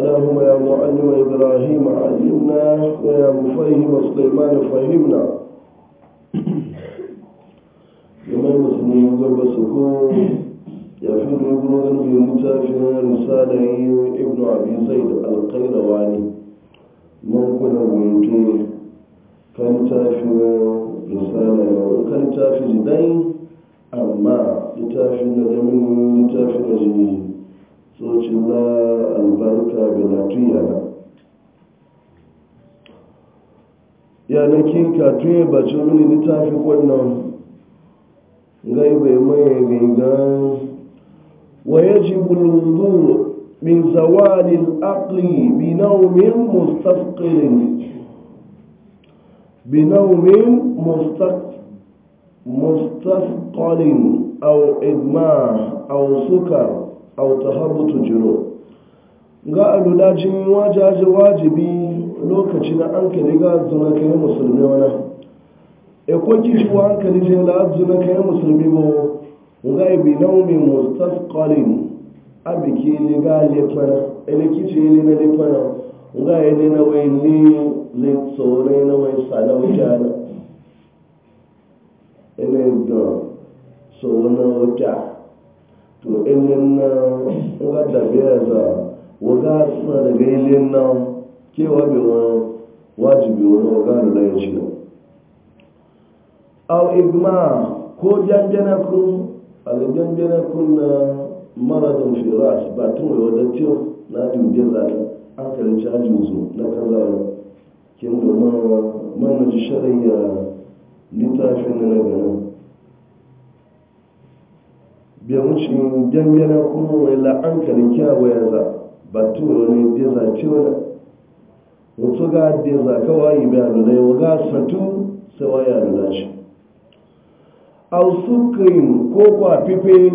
اللهم يا معلم إبراهيم علمنا ويا مفهم سليمان فهمنا يوم المسلمين ضرب السكون يفيد مبروغا في متافنا رسالة ابن أبي زيد القيرواني ممكن ويتي كان تافنا رسالة وكان تافي زدين أما لتافنا دمين لتافنا جميل socin na albarka benatun yana yanakin katun ya baci mini littafi kwanan gai bai mai riga ويجب الوضوء من زوال العقل بنوم مستثقل بنوم مستثقل مستثقل أو إدماع أو au tahabbutu jiro ga alulajin wajaji wajibi lokaci na an kali ga zuna kai musulmi wani e ko wa an kali je la zuna kai musulmi bo ga ibi naumi mustasqalin abiki ne ga lefana ele kici ne na lefana ga ele na wai ni le tsore na wai sana wajana ene ga so na wata to ilin na wadda biya za waga suna daga ilin na kewa bi biwa wajibi wani waga da laye ce au igma ko janjana kun aljanjana kun na maradin firas ba tun wai wadda tiyo na dubbe za ta an kalin cajin su na kaza wani kin domin mamaji shari'a littafin na ganin bai gangana kuma mai la'ankarin kyawa ya za ba turo ne da za ce wani ga da za kawai bai ga satu sawa ya alula ce a sukirin ko kwa fife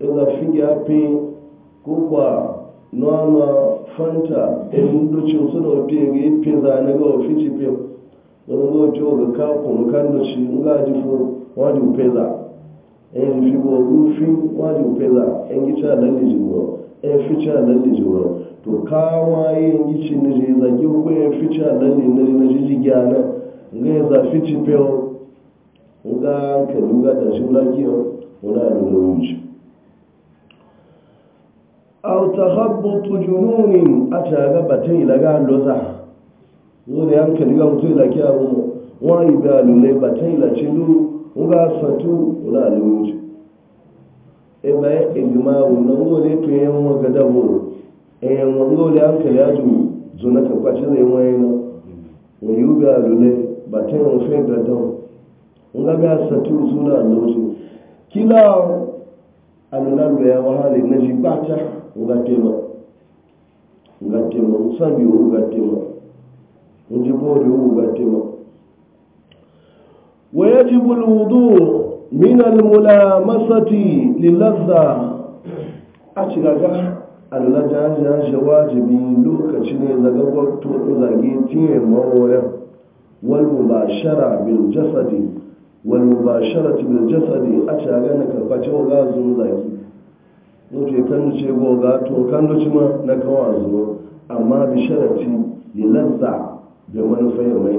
ila fiye fi ko fanta in lucin suna wafe ga yi fi na ga wafi ci fiye wani zo ciwo ga kakon kan en fi bo rufi wani upeza en gicha nan di juro to kawa yin gici na zage ko en ficha nan di na nga ji gyana ngai nga fici peo uga ka duga da shi laki ona da wuce aw tahabbutu jununin ata ilaga loza ka nga fatu wula lewuju e bayan na ngole to yin maga dabo e yin ngole an kala yaju zuna ka kwaci zai wani na wa yi ga lule ba ta yin fe ga dabo nga ga zuna kila ya na ji bata nga tema nga tema nga tema nga tema ويجب الوضوء من الملامسة للذة أشغل Allah ja ja shi wajibi lokaci ne daga wato zage tiye mawoyan wal mubashara bil jasadi wal mubashara bil jasadi a shaga na karbace wa gazu zage nuke kan ce go ga to kan duci ma na kawo zuwa amma bi sharati lilazza da manufai mai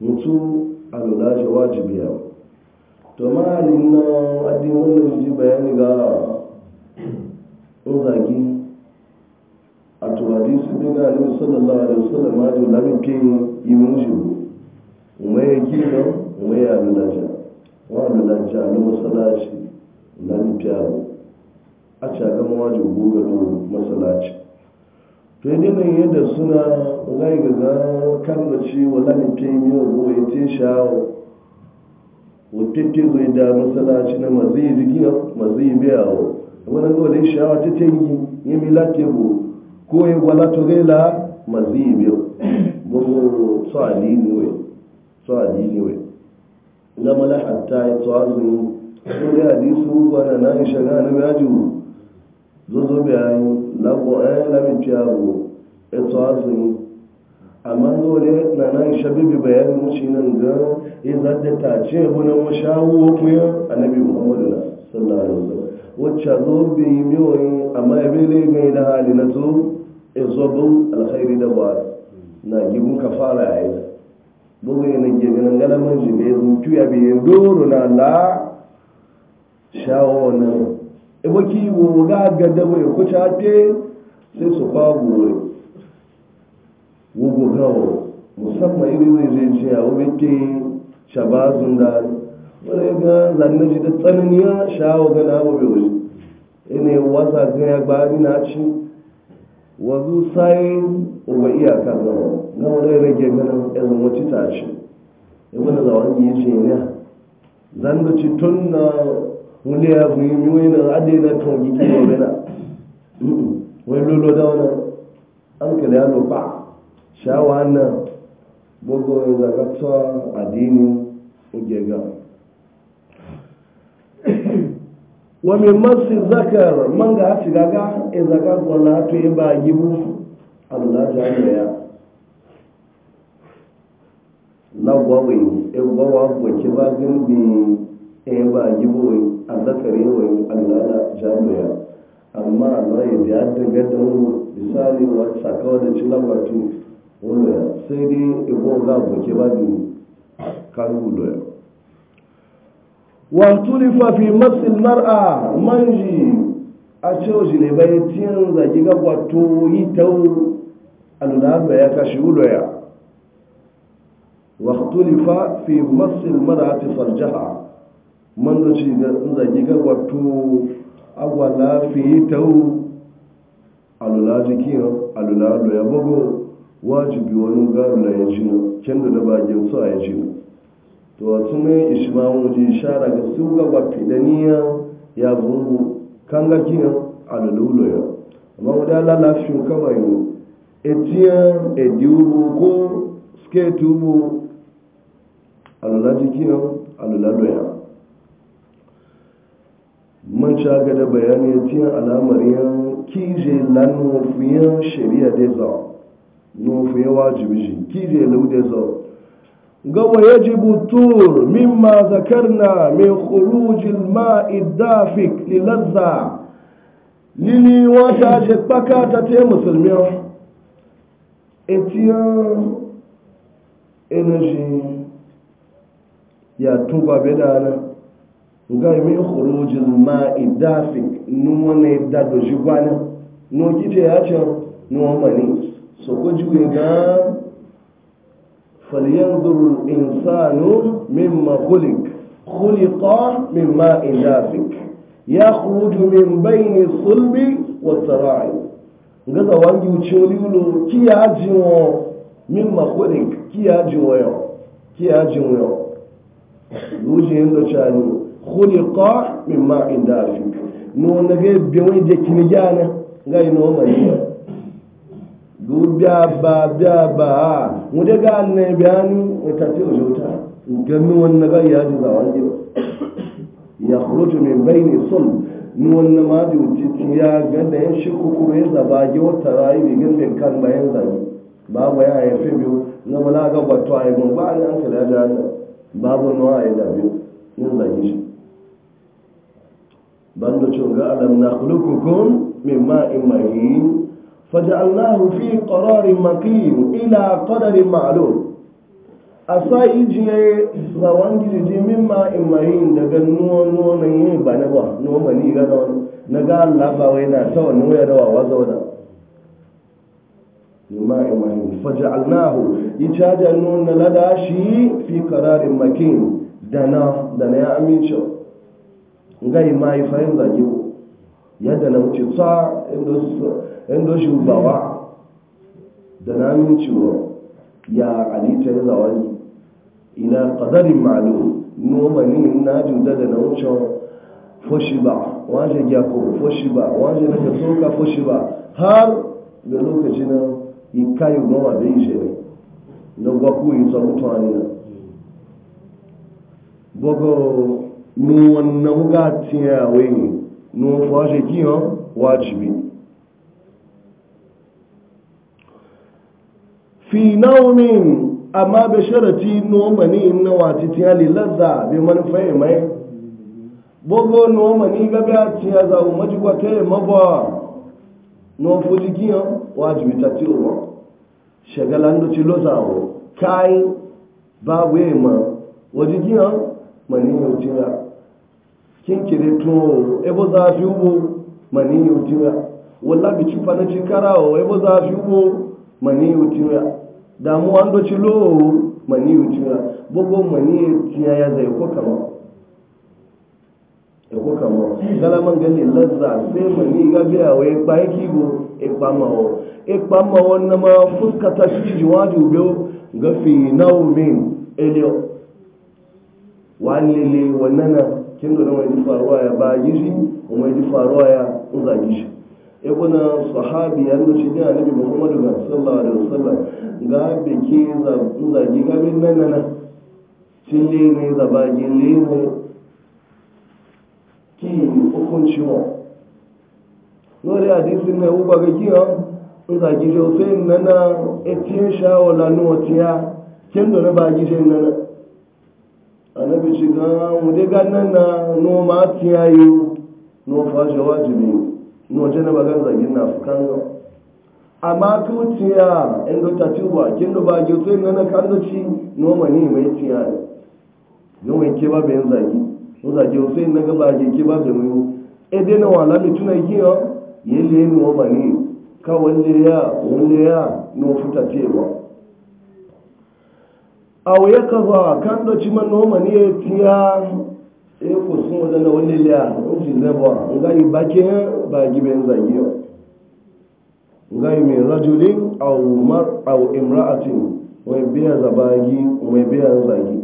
mutu a lulashi wajibi ya to ma'alin na adi wannan ji bayani ga zagi a turadi su diga ne sallallahu alaihi wasallam ma ji lamin ke yi mun shi umaye kino umaye a lulashi wa lulashi a lo masalaci lamin a cagan wajibu masalaci to yi mai yadda suna zai ga kan da ci wa ne ke yi wa zuwa ya ce sha'awa wata ke zai da masalaci na mazi jigina mazi biya wa wani na wani sha'awa ta yi yi mila ke bu ko ya gwala to zai la mazi biya bugu so alini wai so alini wai na mala hatta ya tsawazin so da hadisu gwana na isha shaga na biya jiwu zo zo biya yi lagbo ɗaya na miji abu eto amma dole na na isha bibi bayan mushi nan ga e ta ce wani mashawo kuma annabi muhammadu na sallallahu alaihi wacce zo bi miyoyi amma ya e bi ne da hali na zo ezobu alkhairi da ba na gibun ka fara yayi bugu galaman zuciya doro na la shawo ebe ka iwo ga gadawa e e ya kuce ake sai su kwago ne wugo gawo musamman iri zai ce a wani ke shabazun da wani ga zanne shi da tsananiya shawo gana abu bai wuce ina wasa gaya gbani na ci wazu sai uba iyaka zama na wani rage ganin yanzu wacce ta ci ya wani zawon yi ce ne zan ci tun na wọlé ya mi wọ́n yẹn adé náà yi yìí kí wọ́n bẹ́ẹ̀ náà wọ́n ló lọ́dọ̀ wọn náà ankẹlẹ́ alọ́pàá ṣáwá náà gbogbo ìdàgbàtọ́ àdínú ìjẹ̀gà. wọ́n mi má zakar ya lágbàwé ẹgbọ́wà gbọ̀kí bá gbẹ̀ngbìn ya eh, ba giboyi a zakare wani allala jami'a amma allah ya da yadda gadon misali wata sakawa da cilabatu wuloya sai dai ibo ga boke ba biyu kan wuloya wantulifa fi matsin mar'a manji a cewa shi ne bayan tiyan zaki ga kwato yi ta alulaba ya kashi wuloya wantulifa fi matsin mar'a ta farjaha man da ci da zagi ga wato agwala fiye ta wu alula jikin alula lo ya bugu wajibi wani garu na ya ci na can da ba gem su a ya ci nan to a tume ishimamu ji shara ga su ga wafi da niya ya bungu kan ga kiyan alula lo ya amma wadda lalafin kawai etiyan ediubu ko sketubu alula jikin alula lo ya man shaga da bayani ya tiyan alamar yan kije lan nufiyan shari'a da za nufiyan wajibi shi kije lau da za gawa ya ji butur mimma zakarna min khurujil ma'i dafik lilazza lili wata ce kpaka ta te musulmi etiyan energy ya tuba bedana ga yi min khurujin ma'i dafi nuwa ne da doji gwana nuwa kije ya ce nuwa mani so ko juye ga falyanzuru insanu mimma khuliq khuliqa min ma'i dafi ya khuruju min bayni sulbi wa ki sara'i ga da wangi ucioliulo kiya jiwo mimma khuliq kiya jiwo yo kiya jiwo yo Lujin da chani khuliqa min ma'in dafiq no na be wani je kini jana ga ino mai gubya ba bya ba mu da ga ne bayani wata ce wata gami wannan ga ya ji za wani ya khruju min bayni sulb ni wannan ma ji wuce ya ga da yan shi kukuru ya zaba ji wata rayu bai gani kan bayan zagi babu ya haifi biyu na mala ga a yi mun ba an ya jana babu nawa ya da shi bando cewa alam na khulukukum min ma'in mahin faja'alnahu fi qararin makin ila qadarin ma'lum asa ijiye rawan gidiji min ma'in mahin daga nuwa nuwa na yin ba na ba nuwa mani ga da wani na ga Allah ba wai na ta wani waya da wa zauna min ma'in mahin faja'alnahu caja nuna na shi fi qararin makin da na ya amince ngai ma yi fayin zage yadda na wuce tsa inda shi zawa da na minci wa ya alita ya zawa ne ila kadarin malu noma ni na juda da na wuce foshi ba waje gyako foshi ba waje na ka soka foshi ba har da lokaci na yi kayu goma da yi shi na gwaku yi tsamutuwa ne na nu wannan ga tiya wai nu fashe kiyon wajibi fi naumin amma bai sharati noma ni na wati tiya lilazza bai manufai mai gbogbo noma ni gabi a tiya za a maji gwata ya maba na fuji kiyon wajibi ta tiwa shagalan da ci lozawo kai babu ya ma wajigiyan mani yau kinkiri tun ebo zafi ugbo mani utiya wala bi chupa na kara o ebo zafi ugbo mani utiya damu ando chilo mani utiya bogo mani tiya ya zai ko kama e ko kama gala mangali lazza sai mani ga biya wai pa yake go e pa e e ma o e pa ma wonna ma fuska ta shi jiwaju biyo gafi naumin elio walele wannana kin da mai ji faruwa ya ba gishi ko ji faruwa ya uza gishi e kuna sahabi ya nuna shi ne annabi muhammadu ga sallallahu alaihi wasallam ga biki za uza gi ga min nan nan cin le ne za ba gi le ne ki hukunci wa lori hadisin ne uba ga ki ha uza gishi sai nan na etin shawo lanuwa tiya kin da ba gishi nan nan annabi shiga mu dai gannan na noma tiyayo no fashe wajibi no jana bagan zagin na fukan ga amma ku tiya in do tatuba kin do ba to in na kan do ci noma ni mai tiya no mai ke ba ben zagi no zagi o sai na ga ba ke ke ba ben mu e dai na wala mi tuna yi yo yele noma ni ka walle ya walle ya no futa tiya ba awo ya kaza kan do ci man noma ya tiya e ko sun wajen da wani liya in ji zaba nga yi bake ba giben zagi nga yi mai rajulin aw mar aw imra'atin mai biya zabagi mai biya zagi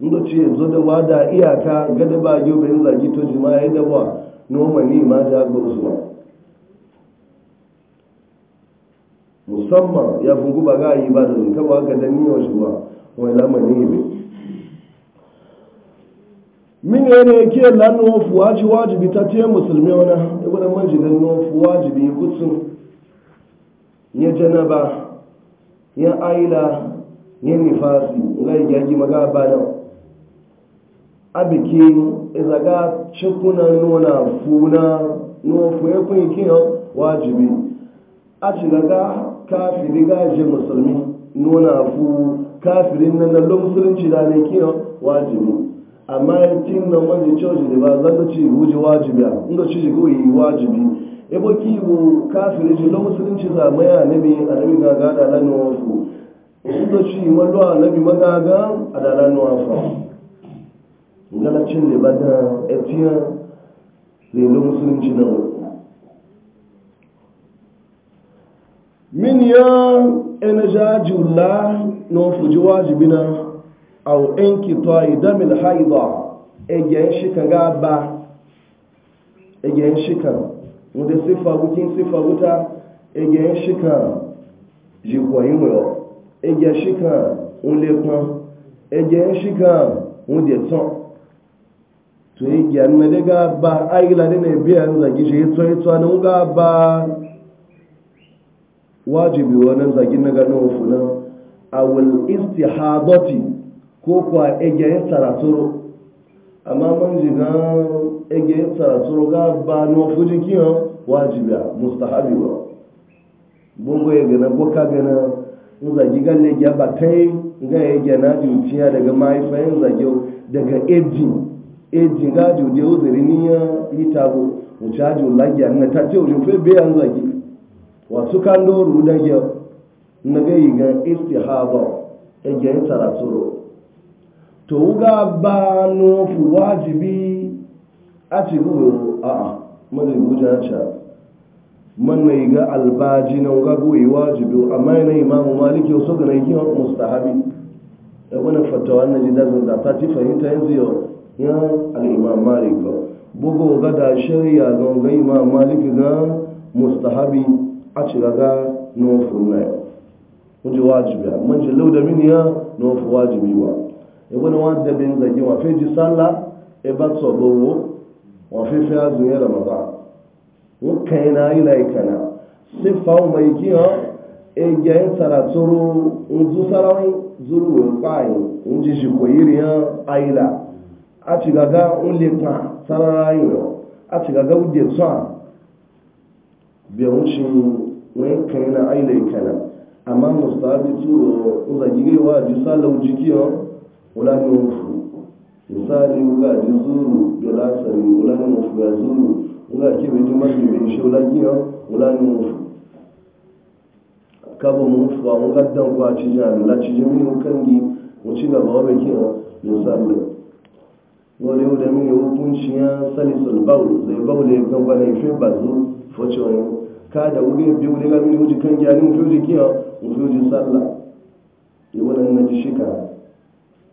ndo ce zo da wada iyaka gada ba giben zagi to jima'i da ba noma ne ma ta gauzuwa musamman ya fungu ba ga yi ba da zuka ba ga dan niyyar shi wani lamani ne min yana ke lanuwa fuwaji wajibi ta ce musulmi wani ibina manjidin nuwa fuwajibi kutsun ya janaba ya aila ya nifasi ga yagi maga bana a biki izaga cikuna nuna funa nuwa fuye kun wajibi a cilaga kafiri gaje musulmi nuna fu kafirin nan na musulunci da ne kiyan wajibi amma yankin nan wanda coci da ba zan ci wuji wajibi a inda ci ji goyi wajibi ebo kiwo kafirin ji lo musulunci za mai anabi anabi gaga da lanu wafu inda ci wallo anabi magaga a da lanu wafu galacin da ba da etiyan da lo musulunci na min ya enajaji Allah nufu ji wajibi na au enki to idamil haida egen shika ga ba egen shika wanda sifa gukin sifa wuta egen shika jikoyin wayo egen shika ulekun egen shika wanda tsan to egen na daga ba aigila ne biyan zagi shi ito ito na ga ba wajibi wani zagin na ganin ofu na awul istihadati ko kwa egeyen saratoro amma man na egeyen saratoro ga ba no fuji kiyan wajibi a mustahabi ba gbogbo ya gana boka gana in zagi galle ba kai ga ya gana juciya daga mahaifayin zage daga ejin ejin ga jude uzuri ni ya yi wuce ajiyar lagiya na ta ce wuce fe ya zage wasu kan doru da yau na gai ga istihaba egen taraturo to wuga ba nufu wajibi a ci gugu a a mana guja ca mana yi ga albaji na wuga gugu wajibi amma yana imamu maliki wasu ga na mustahabi ya wani fatawa na ji dazin da ta ya al'imam malik ba bugu ga da shari'a ga wuga maliki ga mustahabi a ci raga nufu na kuje wajibi man je lauda min ya no wajibi wa e wona wa da ben zagi wa fe ji salla e ba so bowo wa fe fe azu ya ramadan wo kaina ila ikana se fa o mai ki ha e je en sara toro unzu sara wi zuru we pai unji shi ko yiri ya aila a ci gaga un le ta sara a ci gaga ude so be un shi wen kaina aila amma mustahabi tsoro in zagi gaiwa ji sallau jikiyo wulanin rufu misali wuga ji zuru da lasari wulanin rufu ya zuru wuga ke bai ji majalibin shi wulakiyo wulanin rufu kaba mun fuwa mun dan kwa ci jami la ci jami mun kangi mun ci gaba wa bai misali wani yau da mini hukunci ya salisul baul zai baule kan bane fi bazu focin kada wuge biyu ne ga kangi wuji kan gyanin fi wuji kiyo njuji sallah yi wani na ji shika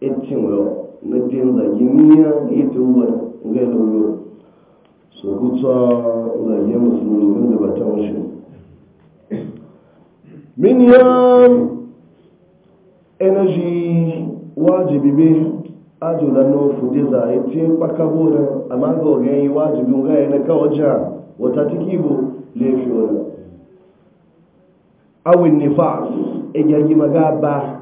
etin wayo na jin zagi niya yi ta ubar ga yi lullu so kuta zagi da batan energy wajibi be ajula no fude za eti pakabura amaga ogen wajibin ga na kawaja wata tikibo lefi awin nifa egyaji maga ba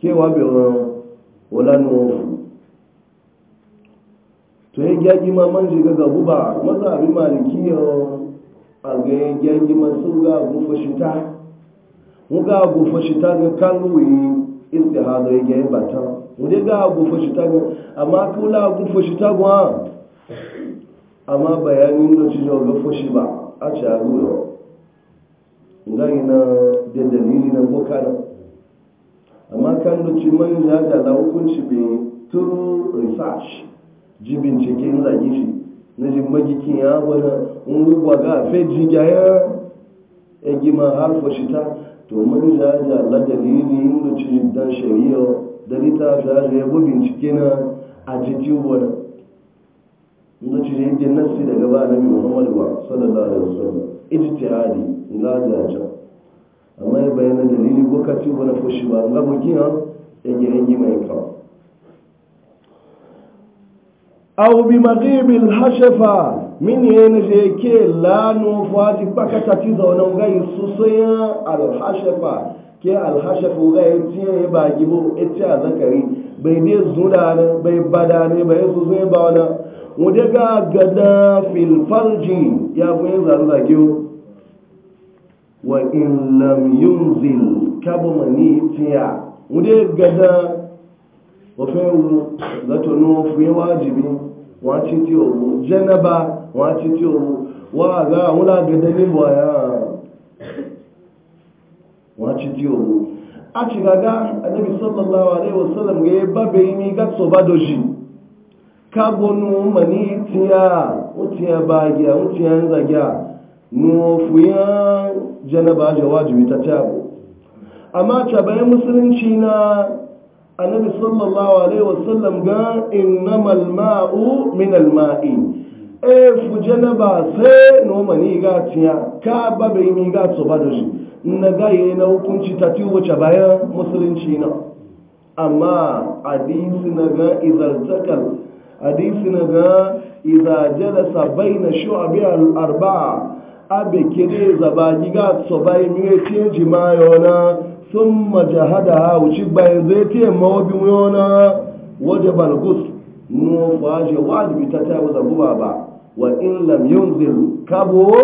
cewa biyu wulanu wofu to egyaji ma man shiga ga guba maza abin maliki yau a ga egyaji masu ga gufa shita muga gufa shita ga kanguwi istihada egyaji bata wunde ga gufa shita ga amma kula gufa shita gwa amma bayanin da cijo ga fushi ba a ci a ruwa ngai na da dalili na boka na amma kan doci man ya jala hukunci bai turu research ji bincike in shi na ji magikin ya wani in ga fe jiga ya egi ma harfa shi ta to man ya jala dalili in doci dan shari'a dalita ta ya bincike na a jiki wani da nasi daga na bi muhammadu sallallahu alaihi wasallam ijtihadi nga jaja amma ya bayyana dalili ko ka ci wani fushi ba nga bukiya yage yage mai ka aw bi maghibil hashafa min yana je ke la lanu fati pakata ti zauna nga susaya al hashafa ke al hashafa ga yace ba gibo yace zakari bai ne zuda ne bai badane bai susaya ba wannan wadda ga gada filfarji ya kuyi zarzage wa in lam yunzil kabo mani tiya wadda gada ofewu zato ni wọn fi wajibi wọn ti ti oru jẹnaba wọn ti ti oru wa ga àwọn lagẹdẹ níbo àyà wọn ti ti oru a ti gaga anabi sallallahu alaihi wasallam ga ya babe yi ni gatso ba doji kabonu mani tiya utiya bagiya utiya zagiya nufiyan janaba jawajibi ta tabo amma cabayin musulunci na annabi sallallahu alaihi wasallam ga innamal ma'u min alma'i e fu janaba sai no mani ga tiya ka babe mi ga so badoji na ga yi na hukunci ta tiwo cabayin musulunci na amma hadisi na ga izaltakal hadisi na ga iza jalasa baina shu'abi al-arba'a abe kede zabagi ga so bai miwe tinji ma yona thumma jahadaha uchi bai zete mawabi yona wajaba al-ghusl no faje wajibi tata wa zaguba ba wa in lam yunzil kabo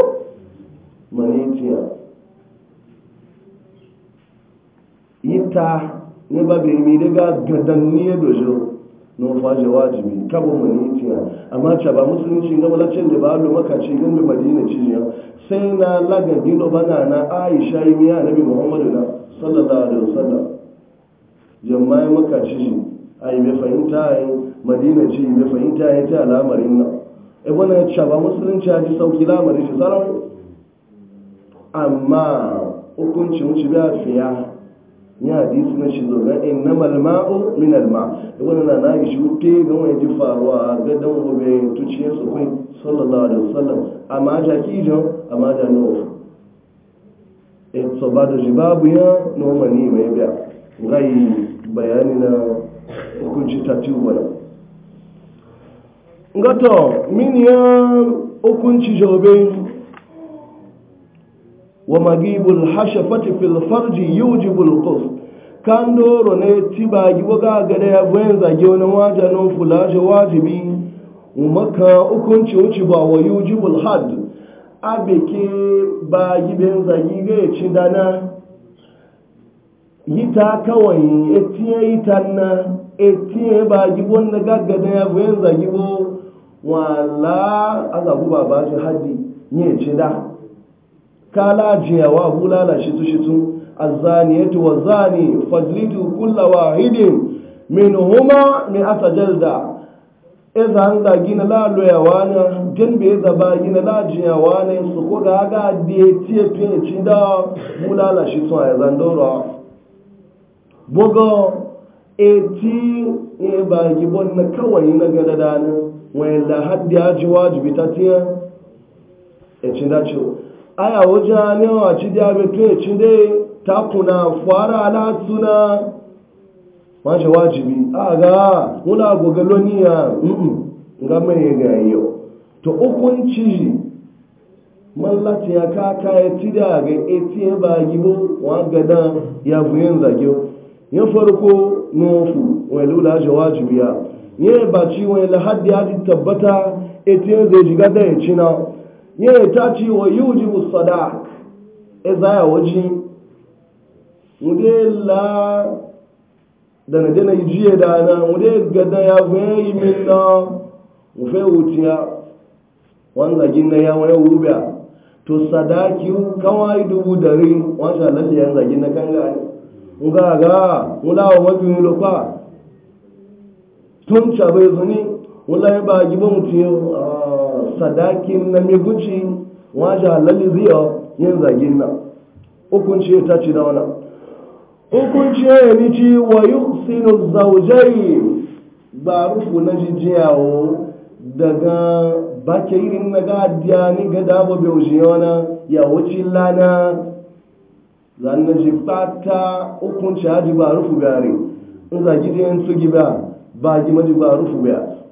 manitiya yita ne ba bai mi daga gadanni ya dojo no faje wajibi kabo mani amma ca ba musulunci ga malacin da ba allo makaci gan da madina ya sai na laga dino bana na aisha yi miya nabi muhammadu na sallallahu alaihi wasallam jama'i makaci shi a yi fahimta madina ci mai fahimta yi ta al'amarin nan e wannan ca ba musulunci ya ji sauki lamarin shi sarau amma hukuncin fiya ya hadisi na shizo ga innamal ma'u min al na nayi shi wuce ga wani ji faruwa ga dan gobe tuciye su kai sallallahu alaihi wasallam amma ja kijo amma ja no e so ba da ya no mani mai gai bayani na hukunci ngato min ya hukunci womagi ibo hashafchifilfarji yojigboo ka ndị ụro na-etib gigbo gagaya boe nzagi onye nwaja na ofulajnwaji maka okunchinwochibụ wajibohaabekee biza -ea hita aka wae etinehita na etinye bgigbo na daya oe nzaigbo nwalaazụaz had nya echida kala jiyawa bulala shitu azani yato wa zani fadlitu kulla wahidin min huma mi ata jalda Eza anda da gina la loyawa na jin be za ba gina la jiyawa ne su ko ga ga de tie pin cin da bulala shitu a zandora bogo eti e ba gibon na kawai na gadadana wai la haddi aji wajibi ta tiya e cin da aya wajen ne wa ci da bai to ci dai ta ala suna wace wajibi a ga muna gogaloniya ga mai ga yau to hukunci mallata ya ka ya ci da ga eti ya ba gibo wa gada ya fuyin zage ya farko nufu wani lula shi wajibiya ya ba ci wani lahadi ya tabbata eti ya zai jiga da na ye ta ci wa yujibu sadak ya zaya waji mude la da na dena jiye da na mude gada ya fe yi min na mu fe wutiya wanda gin na ya wani wubiya to sadaki kawai dubu dari wasa lalle yan zagin na kan gani nga ga mula wa mafi mulo fa tun chabe zuni mula ba gibo mutiyo ah. sadakin na miguci wajen halalli ziyo yin zagin na hukunci ya tace da wani hukunci ya ni ci wa yi sinu zaujai ba rufu na jijiyawo daga irin na gadiya ni ga dabo bai wuce wani ya wuce lana zanna ji fata hukunci ji ba rufu gari in zage ta yin tsugi ba ba gi maji ba rufu ba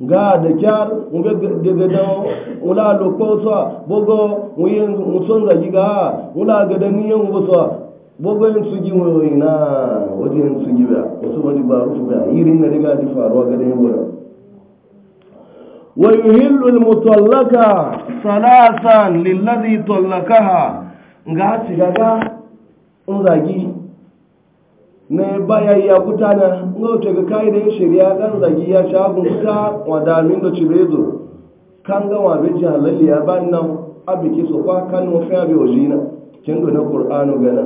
ga da kyar nga daga da wula lokpo so bogo wuyen muson da giga wula ga da ni yan so bogo yin su gi yi na waje yin su gi ba wasu wani ba rufu ba irin na riga di faruwa ga da yin wuri wa yuhillu almutallaka salasan lillazi tallakaha nga ci gaga unzagi na baya ya kuta na ngote ga kai da shari'a dan zagi ya ta gunta wa da min da cibezo kan ga wa bi halalli ya ban nan abiki so kwa kan wa fa bi wajina kin do na qur'anu gana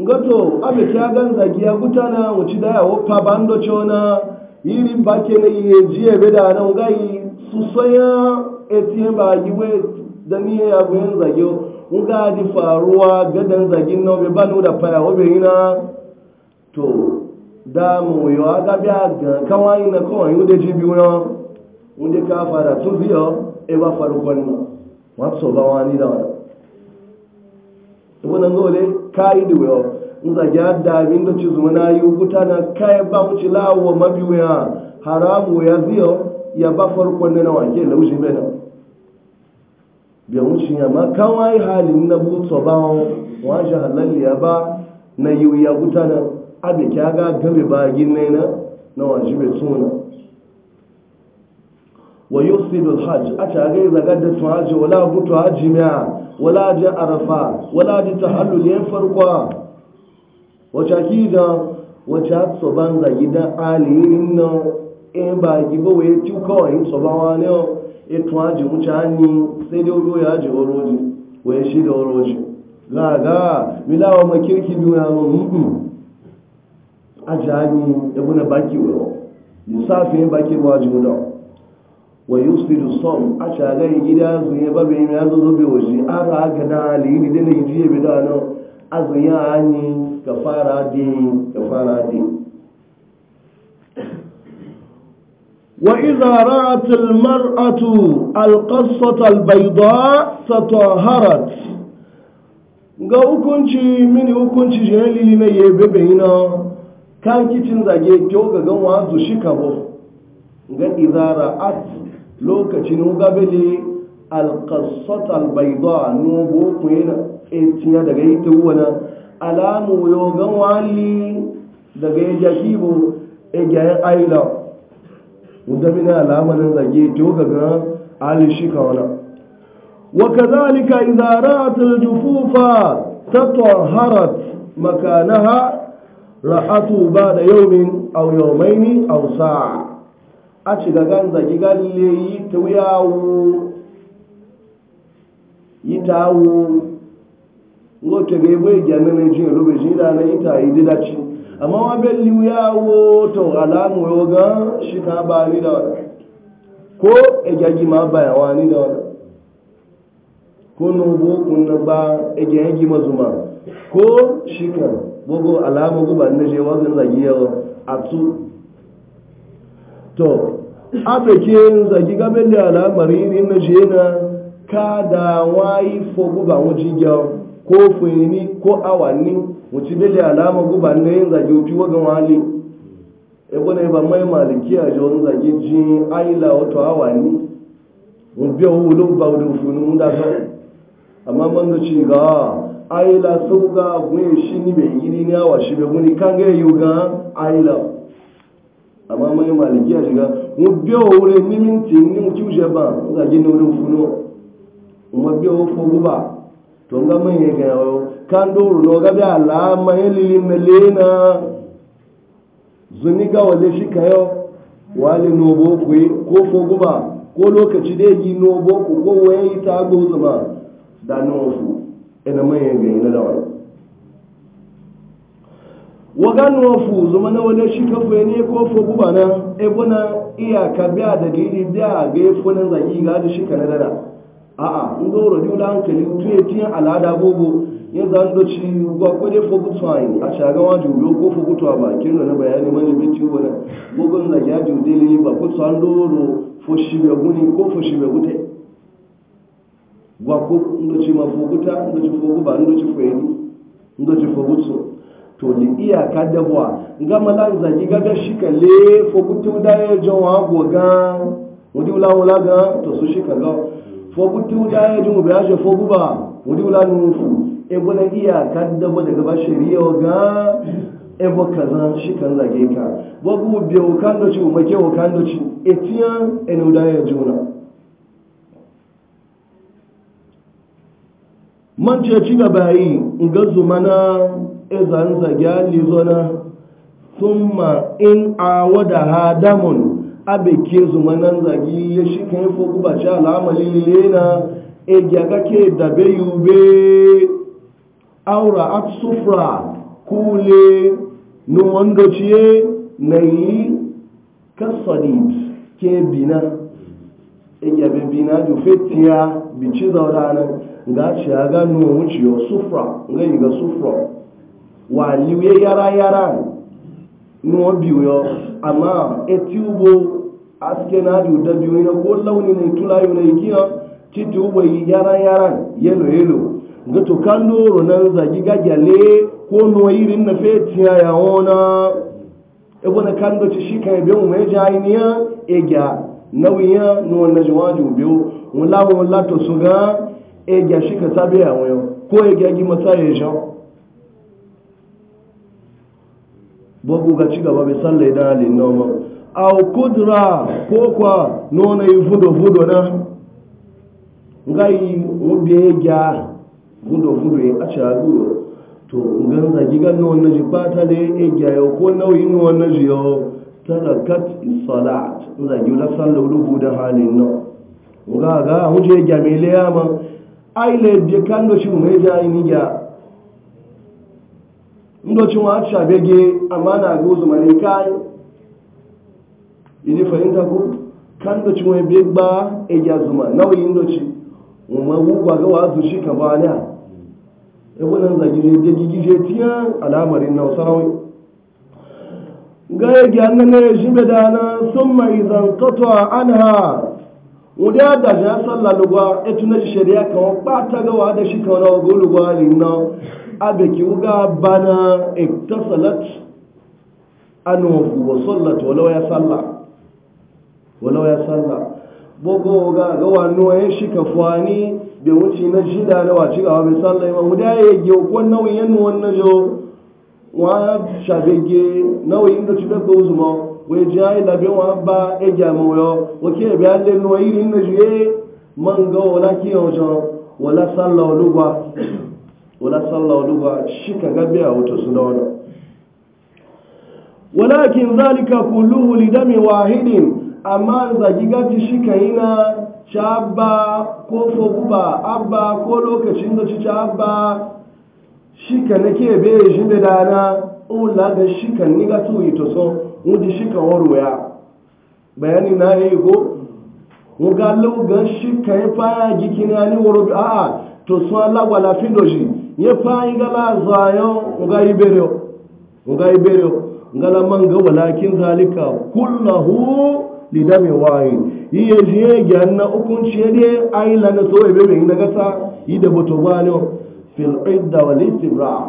ngato abiki ya gan zagi ya kuta na wuci da ya wofa bando chona yiri bake ne ye jiye be da nan gai su soya etien ba yiwe da ni ya gwen zagi uga ji faruwa gadan zagin na obi banu da faya obi hina to damu yo aga bi aga kawai na kawai ude ji biyu na ude ka fara tun ziyo e ba faru kwanna wato ba wani da wani wannan gole kai da wayo nza ga da bin da ci zuma na yi guta na kai ba mu ci lawo mabiya haramu ya ziyo ya ba faru kwanna na wake lauji mai bai wucin ya ma kawai halin na buto ba wa shi halalliya ba na yiwu ya guta na abin kya ga gabe ba gina na na wa shi bai tuna wa yusidu hajj a ta ga zaga da tun hajji wala buto hajji miya wala ji arafa wala ji tahallul yan farko wace kida wace tsoban zagi da aliyin na in e ba gibo wa ya ci kawai tsoban wani o etu hajji wuce ni sai dai wuro ya ji oroji wai shi da oroji gaga milawa makirki biyu na mun a jami yabu na baki wa lissafi ya baki ba ji da wa yusiru som a shagai gida zuye babe mai yanzu zobe waje an ga na alini da na yi jiye bidano a zuye a hanyi ka fara din ka fara din وإذا رأت المرأة القصة البيضاء تطهرت ga hukunci mini hukunci jini lili mai yi bayina kan kicin zage kyau ga gan wazu shi kabo ga izara at lokacin ugabele alkasot albaidoa nubu ku yana etiya daga ita wana alamu yo gan wali daga yi, jahibu egayen ailawa wanda mina alamarin zage to kaga ali shi ka wala wa kadhalika idza ra'at al jufufa tatahharat makanaha rahatu ba'da yawmin aw yawmayn aw sa'a a ci ga gan zage galle yi ta wuyawo yi ta ngo te ga ibo ijana ne jin rubejira na ita yi didaci amma wa belliu yawo to alamu yo ga shi ta ba ni da wani ko e jagi ma ba yawa ni da wani ko no bo na ba e ga zuma? mazuma ko shi kan bogo alamu guba ne je wa zan zagi a atu to abekin zagi ga belli alamari ni na je na Ka kada wayi fogu ba wujin ko funi ko awanni wuce beji alama guba ne yin zage wuce wagan wali ebo ne ba mai maliki a jawon zage ji aila wato hawa ni mun biya wulo ba wuda funu da so amma man da ci ga aila sauga gun shi ni be yiri ni awa shi be guni kan ga yu ga aila amma mai maliki a shiga mun biya wure ni minti ni mu ci ba zage ni wuda funu mun biya wulo guba to ga mai ya ga kandoro no gabe alama yelili melena zuniga wale shi kayo wale nobo kwe ko foguma ko lokaci da yi nobo ku ko waye yi ta gozuma da nofu ina ga ina da wani waga nofu zuma na wale shi ka fe ne ko foguma na ebuna iyaka biya da gidi biya ga funan zagi ga shi kana dada a'a in zo rodi hankali tuye tiyan al'ada gogo ya zando ci ba ko dai fogu tsayi a shaga wa juro ko fogu to ba kin na bayani mani bi ci wala bugun da ya ju dele ba ko tsan doro fo shi guni ko fo shi be gute gwa ko ndo ma fogu ta ndo ci fogu ba ndo ci foyi ndo ci fogu so to li iya ka dabwa nga malan zagi gaga shi ka le fogu tu da ya jo wa goga wudi wala wula ga to su shi ka ga fogu tu da ya ju ba je fogu ba wudi wala nu fu ebo na iyaka dabo daga ba shari'a ga ebe kaza shi kan zage ka wabu biyo kan doci umake wa kan doci etiyan enudaya juna man ce ci gaba yi ga zumana izan e zage lizona ma in ha hadamun abeke zumanan zage ya shi kan yi fogu al'amalin ci alamali lena e gyaga ke dabe yube aura at sufra kule numan dociye na yi kasadid ke bina egyabe bina ju fetiya bici zaurana ga ci a ga wuciyo sufra ga ga sufra wa liwe yara yara nuwa biyu amma eti ubo aske na ju da biyu na ko launi na itula yi na igiya titi ubo yi yara yara yelo yelo ga to kan doro nan zagi gagyale ko noyirin na fetiya ya wona ebo e na kan do ci shika kai be mu meja ainiya egya nawiya no na jawaju be wala wala to suga egya shika ka tabe ya wayo ko egya gi mata ya ja bogu ga ci gaba be sallai da le noma au kudra ko kwa no na yi fudo fudo na ngai obi egya gudu gudu ya a shagu to gan zagi gan na wannan jiba ta da ya gyayo ko nauyin na ta jiyo tarakat salat zagi la sallu rubu da halin nan ga ga huje gyame le yama ai le bi kan do shi mai ja ni ndo wa amma na gozu mare kai ini fahimta ku kan do bi gba e ja zuma nauyin do ci umma ga wa zu shi wannan zagi da gigije tiya al'amarin na sarawai ga ya gi annan ne shi be da na mai idan a anha wuda da ja salla lugwa etu na shari'a kan ba ta ga wa da shi kan rawa gulugwa linna abe ki uga bana iktasalat anwafu wa sallat walau ya salla walau ya salla bogo ga ga wa nuwa shi kafwani bai wuce na shida da wace gawa bai sallai ma mu da ya yi ko nauyin wannan jo wa shafe ge nauyin da ci daga uzu ma wai ji yi labe wa ba e ja ma yo wa ke bi alle no yi rin na je man ga wala ki yo jo wala sallahu lugwa wala sallahu lugwa shi ka ga biya wuce su da wannan walakin zalika kulluhu lidami wahidin amma zagi gaji shi ka yi na caba ko fokuba abba ko lokacin da ci caba shika na ke be shi da dana ula da shika ni ga tuyi to so wudi shika warwaya bayani na yi go mu ga lugan shika ya faya gikina ni woro a a to so ala wala findoji ya fayi ga la zayo ga ibero ga ibero ngala manga walakin zalika kullahu lidami wahid yiye jiye gyan na hukunci ya dai aila na so ebe mai na gasa yi da boto gwani fil idda wal istibra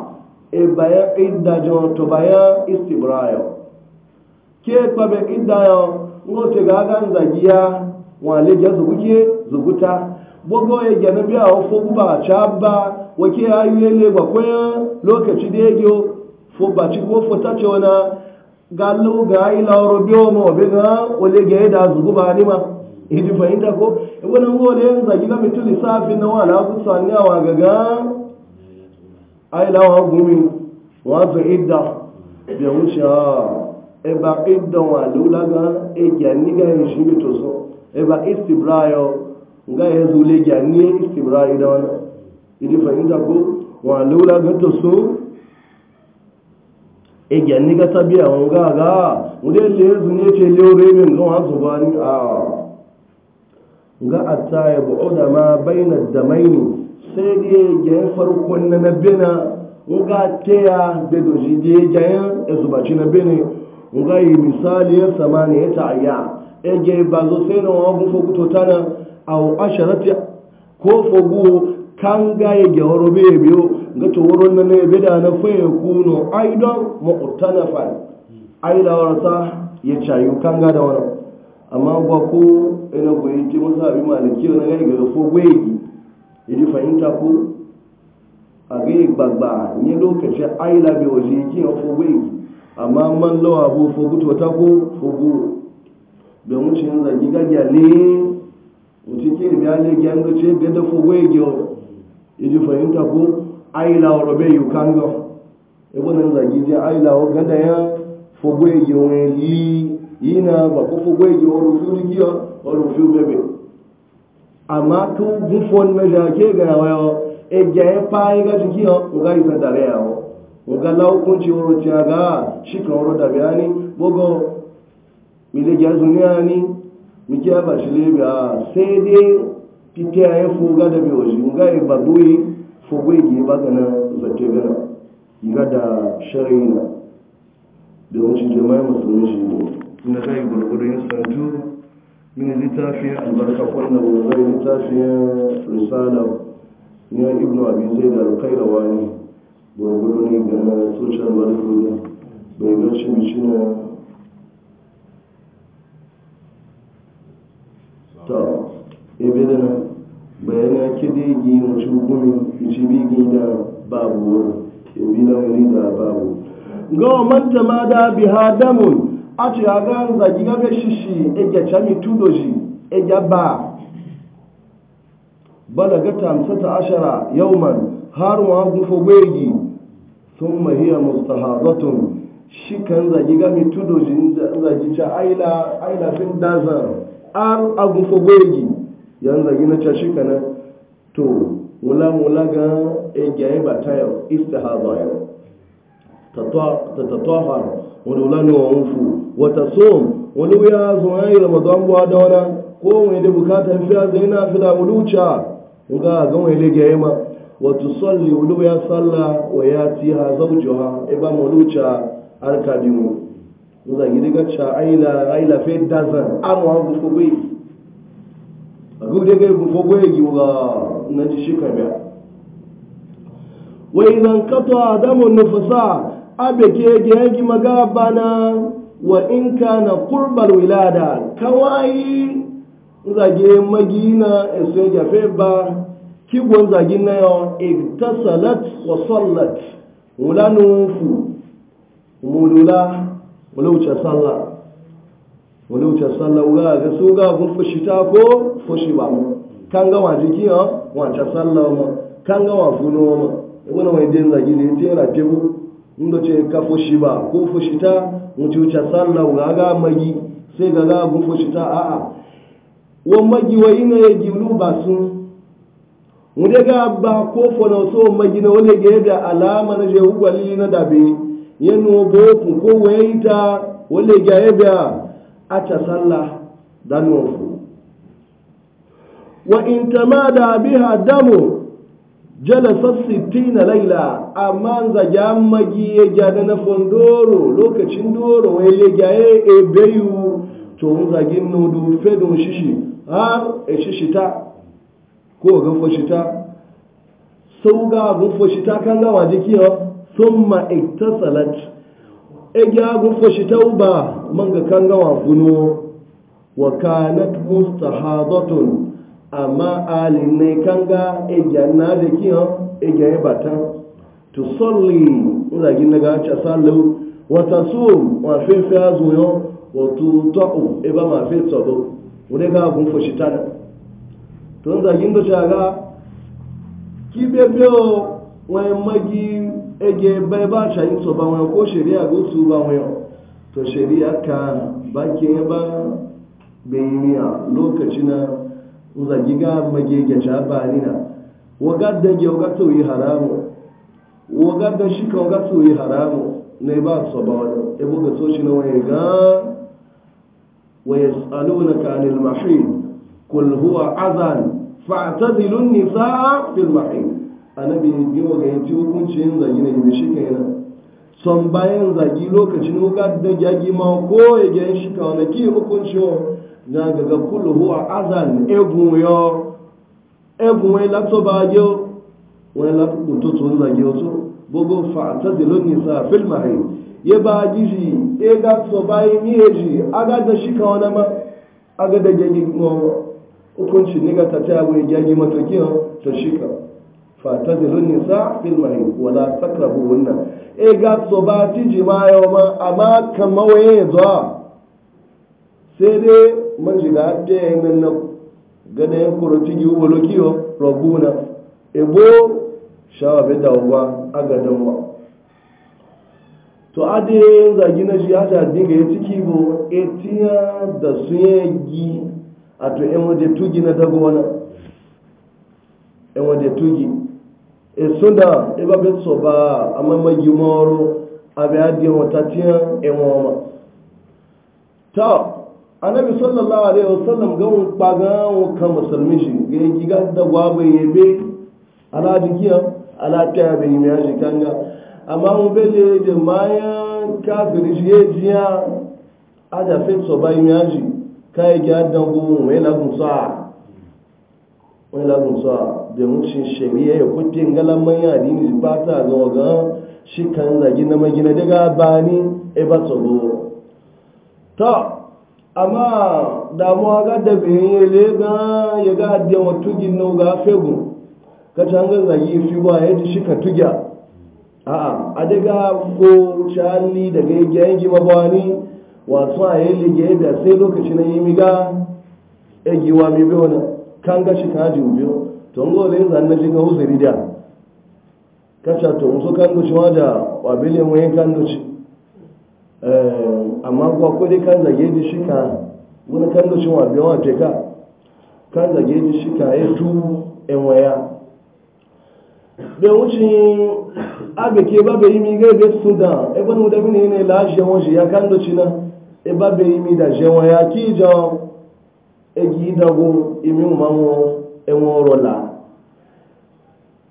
e baya idda jo to baya istibra yo ke kwa be idda yo ngote ga ga nzagiya wale ja zuguke zuguta bogo ya gyan biya ofo guba chaba wake ayuye le gwa kwa lokaci da yego fo ba ci ko fota ce wana gallu ga ila biyo ma be ga wale ga da zugu ba ni ma idi fahimta ko e wannan zagi ga mitu lisafi na wala ku sanya wa ga ga ai la wa gumi wa zu idda bi e ba idda wa lula ga e ga ni ga e shi mitu so e ba istibrayo ga ya e zule ga ni e istibrayo da idi fahimta ko wa lula ga to so egya ni ka tabi a nga ga mude lezu ne ce leore min ga ha zuba ni a nga ata ya bu'uda ma baina damaini sai nye ga farko na na bena nga teya da doji dai ga ya e e zuba na bene nga yi misali ya samani ya ta'ayya egya ba zo sai na wa gufo kuto tana aw asharati ko fogu kanga ya ga horobe biyo ga ta wurin na ne bida na faye kuno aidon ma'utanafan aida warsa ya cayu kanga da wani amma ba ko ina goyi ti musa bi maliki na ga ga fo ya ji fahimta ko a ga gbagba ne lokaci aila bi waje ki fo gwegi amma man lawa bo fo guto ta ko fo da mutum zagi gagya ne mutum ke biya ale gyan da ce ga da fo gwegi idi fahimta ko aila robe yu kango ebo nan zagi je aila o ganda ya fogwe yiwe li yina ba ko fogwe yi o rufu dikiyo o rufu bebe amma to gufon me da ke ga wayo e ga e pa e ga dikiyo o ga isa dare ya o o ga lawo kun ci oro ti aga shi ka oro da bayani bogo mi le ga zuniya ni mi ke ba shi le ba sai dai titiya ya e da bi oji ga e babuyi fogwai ge baka na zate gana ga da shari'i na da wucin jama'a musulmi shi ne na zai gurgudu yin santu mini littafin albarka kwanan da zai littafin risala ya ibnu abin zai da alkairawa ne gurgudu ne ga social marketing bai ga cimici na ta ebe da na bayan ya kide yi mutum gumin ishibigi da babu ibi na wuri da babu gawa manta ma da biha damun a ce a gan zagi gabe shishi ege cami tudo ege ba gata tamsata ashara man har wa gufo gwegi sun mahiya mustahazatun shi kan zagi gami tudo shi zagi ca aila aila fin dazar ar agufo gwegi yan zagi na ca shi kanan to wula wula ga egyaye eh, ba ta yau istihaba yau tatahar wani wula ne wa mufu wata som wani wuya ya yi ramadan buwa da wana ko wani da bukatar fiya zai na fi da wuluca ga ga wani legyaye ma wata salli wuli ya salla wa ya ti ha zaujuha iba wuluca harka biyu zan gidi daga ca aila aila fe dazan amma gufu gwe a gufu gwe gi wa na ji shika biya wa idan kato adamu nufasa abe ke gyangi magabana wa in kana qurbar wilada kawai zage magina esu jafe ba kigon zagin na yau igtasalat wa sallat wulanu mulula wulauce sallah wulauce sallah wula ga su ga kun fushi ta ko fushi ba kan wacha sallah ma kanga wa funo ma wani wani din zagi ne te yana tebu inda ce ka fushi ba ko fushi ta mutu wuce sallah ga ga magi sai ga ga mu fushi ta a'a wa magi wa ina ya gilu ba sun mu daga ba ko fona so magi na wani ga da alama na je ugwali na dabe yanu bo ku ko waita wani ga ya da a ta sallah dan wofu وإن تمادى بها دم جلس الستين ليلة أما أنزا جامع مجي جانا فندورو لوكا تشندورو ويلي جاي إبيو تونزا جنو دو فدو شيشي ها إشيشي تا كو غفو شتا سوغا غفو شتا كان غوا جيكي ثم اتصلت إجا غفو شتا وبا منغا كان غوا فنو وكانت مستحاضة amma alinai kan ga egyan na da kiyan egyan ya batan to solli zagin na gaca sallu wata su ma fi fi azuyo wato ta'u e ba ma wani ga gun fashi ta da to da ki wani magi ege bai ba ta ba wani ko shari'a ba wani to shari'a ka bakin ya ba bai yi miya lokaci na zagi ga magege shabani na wagar da ge wagar to yi haramu wagar da shi ka wagar to yi haramu ne ba su ba wani ebo ga so shi na waye ga waye tsalo na kanil mahid kul huwa azan fa'tazilun nisaa fil mahid annabi ne waga yanci hukuncin zagi ne da shi kenan son bayan zagi lokacin wagar da gyagi ma ko ya gyan shi ka wani ki hukuncin ga gaga kulu huwa azan egun yo egun wai lato ba yo wai lato kuto tun zage oto bogo fa ta dilo nisa fil ba jiji e ga so ba yi ni eji aga da shi wani ma aga da gagi mo hukunci ni ga ta ta abu gagi matoki ta shi ka fa ta dilo nisa fil mahi wala takrabu wannan e ga so ma yo ma amma kamawaye zuwa sai dai man shiga fiye nan na gada ya kuro figi ubolo kiyo rabbuna ebo shawa bai dawowa a gadon to ade zagi na shi hata dinga ya ciki bo etiya da sun yi a to yan tugi na dago wani yan waje tugi e sunda e ba bai so ba amma magi moro abi adiyan wata tiyan yan wama ta annabi sallallahu alaihi wasallam ga wun kpaga mu kan musulmi shi ga yi ga da gwaba ya be ala jikiya ala ta be yi ya shi kanga amma mun bele da mayan kafiri shi ya jiya a da so ba yi ya shi kai ga dan go mai lagun sa mai lagun sa da mun shi shari'a ya kutte ngalan manya dini ba ta ga waga shi kan zagi na magina daga bani e ba tsoro ta amma damuwa ga da biye le ga ya ga da wato ginno ga fegu ka ta ga zagi fi ba ya ji shika tuga a'a a daga ko chali daga yake yi ni wato a yi lige da sai lokaci na yi miga egi wa mi biyo na kan ga shi kaji biyo to ngo le zan na jinga usuri da kacha to so kan go shi wa da wa bile mu kan go shi Eh, amma kuwa ko kan zage ji shika wani kan da cewa biyan wa teka kan zage ji shika ya tu en waya da wuce abeke ba bai mi ga da sudan e ban mu da mini ne la je won ya kan do cina e ba bai mi da je won ya ki jo e gi da go imi mu mo e won e ro la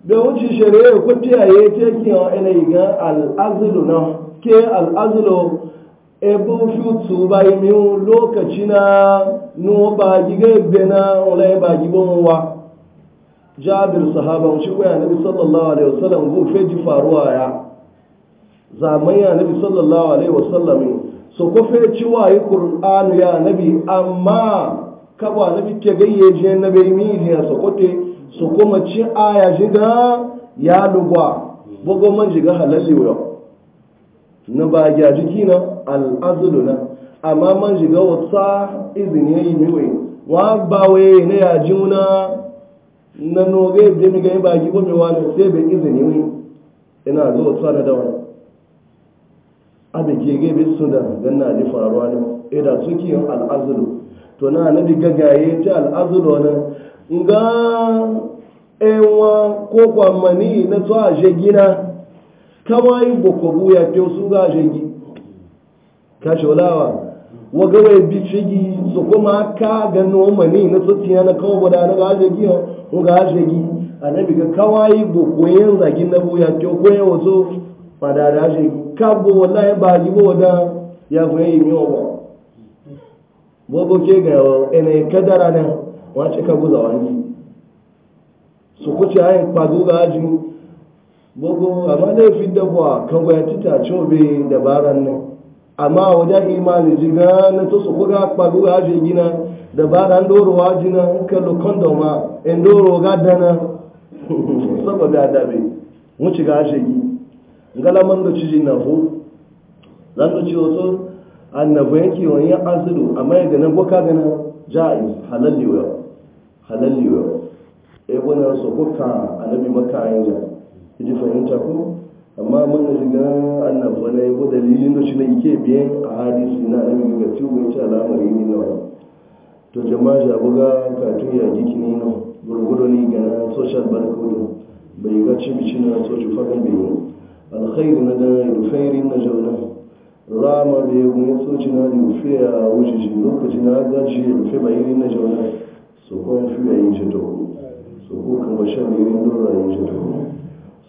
da wuce shari'a ko tiyaye take yan ina e ga al azlu na ke al'azulo ebe fitu bai miyu lokaci na nuwa ba giga ebe na wula ba gibon wa jabir sahaba shi kwa ya nabi sallallahu alaihi wasallam go feji faruwa ya zaman ya nabi sallallahu alaihi wasallam so ko ci wa yi qur'an ya nabi amma ka ba nabi ke gayye je nabi mi ya so ko te so ko ci aya jiga ya lugwa bugo man jiga halalli wa na ba gya jiki na al'azulu na amma man shiga wata izini ya yi miwe wa ba waye na ya ji muna na noge da mi gani ba gi wani sai bai izini wi ina zo wata na dawa abe gege gebe su da dan na ji faruwa ne ida eh, suke yin al'azulu to na na diga gaye ta al'azulu na nga enwa ko kwamani na tsaje gina kawai boko buya fiye su ga shagi kashe walawa waga wai bi shigi su kuma ka ga noma ne na tsotiya na kawo guda na ga shagi ko ga shagi annabi ga kawai boko yin zagi na buya fiye ko yin wato fada da shagi ka bo wallahi ba gi bo da ya fi yi miyo ba bogo ke ga ene kadara ne wace ka guza wani su kuce ayin kwazo ga ajin gogo amma laifin dabuwa kan gwaya tita dabaran nan amma wajen imani jiga na to su kuga kpagu ga gina dabaran dorowa wa jina kallo ha ma ndoro ga dana saboda adabe mu ga je gi ngala na fu zan do ci wato yake wani amma ya ganin boka ganin jaiz halalli wa halalli e wa so kuka annabi ji fahimta ko amma mun na shiga annabi wani ya ko dalilin da shi na ike biyan a hadisi na annabi ga ciwo ya al'amari ne na wani to jama'a shi abu ga katun ya giki ne na gurgudu ne ga social barcode bai ga bici na soci fagan bai yi alkhairi na da rufairi na jauna rama bai yi wani soci na rufe a wuce shi lokaci na gaji rufe bayani na jauna su kuma fiye yin shi to su ko kuma shan yi yin dora yin shi to